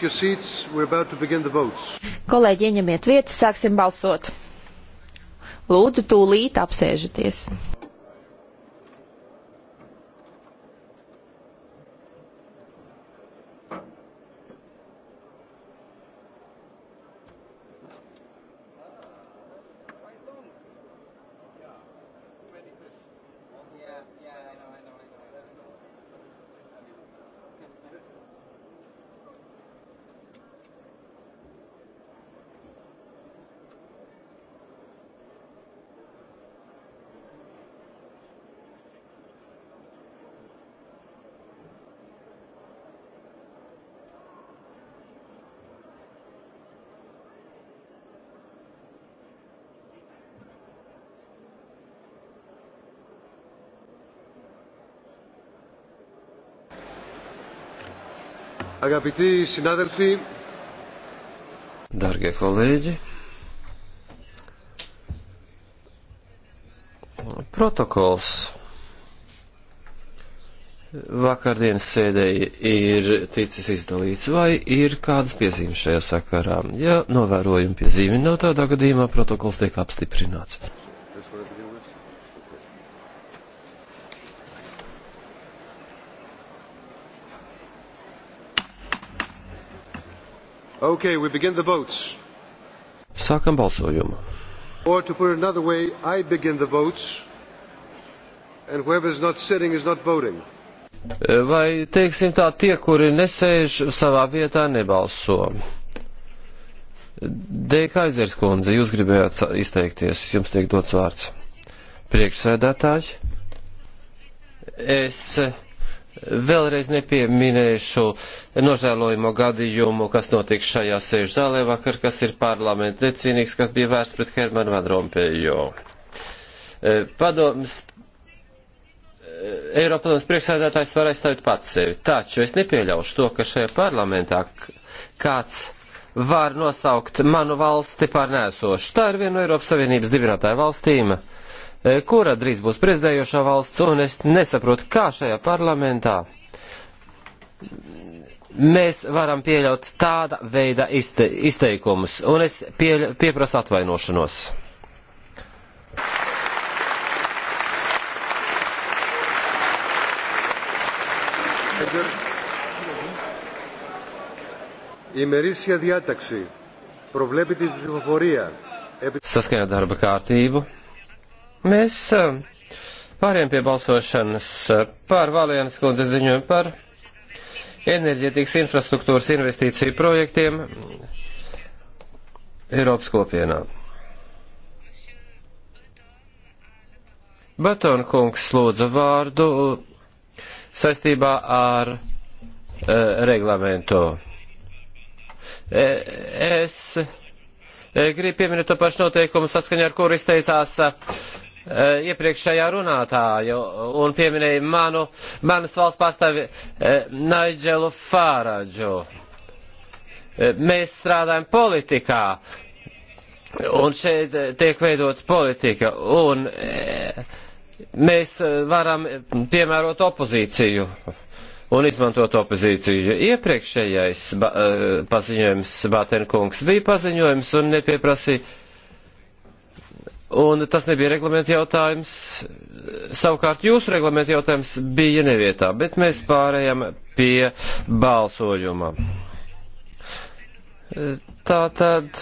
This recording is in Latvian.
Kolēģi, ieņemiet vietas, sāksim balsot. Lūdzu, tūlīt apsēžaties. Αγαπητοί συνάδελφοι, Δάργια κολέγοι, protokols vakardienas sēdēji ir ticis izdalīts, vai ir kādas piezīmes šajā sakarā? Ja novērojumi piezīmi nav tādā gadījumā, protokols tiek apstiprināts. Okay, we begin the votes. Sākam balsojumu. Or to put it another way, I begin the votes, and whoever is not sitting is not voting. Vai, teiksim tā, tie, kuri nesēž savā vietā, nebalso. D. Kaizers kundze, jūs gribējāt izteikties, jums tiek dots vārds. Priekšsēdētāji, es Vēlreiz nepieminēšu nožēlojamo gadījumu, kas notika šajā sēžu zālē vakar, kas ir parlamenta necīnīgs, kas bija vērsts pret Hermanu Vadrompējo. E, padoms, e, Eiropadoms priekšsēdētājs var aizstāvēt pats sevi, taču es nepieļaušu to, ka šajā parlamentā kāds var nosaukt manu valsti par nēsošu. Tā ir viena no Eiropas Savienības dibinātāju valstīm. Uh, Eh, kura drīz būs prezidējošā valsts, un es nesaprotu, kā šajā parlamentā mēs varam pieļaut tāda veida izte, izteikumus, un es pie, pieprasu atvainošanos. Η μερίσια διάταξη προβλέπει την ψηφοφορία. Saskaņā darba kārtību Mēs eh, pāriem pie balsošanas eh, par Valienas kundzes ziņojumu par enerģetikas infrastruktūras investīciju projektiem Eiropas kopienā. Batona kungs lūdza vārdu eh, saistībā ar uh, reglamentu. E, es gribu pieminēt to pašu noteikumu, saskaņā ar kuru izteicās Eh, iepriekšējā runātāju un pieminēja manu, manas valsts pārstāvi eh, Naidželu Fāraģu. Eh, mēs strādājam politikā, un šeit tiek veidot politika, un mēs varam piemērot opozīciju un izmantot opozīciju. Iepriekšējais ba paziņojums Bātenkungs bija paziņojums un nepieprasīja Un tas nebija reglamenta jautājums. Savukārt jūsu reglamenta jautājums bija nevietā, bet mēs pārējām pie balsojuma. Tātad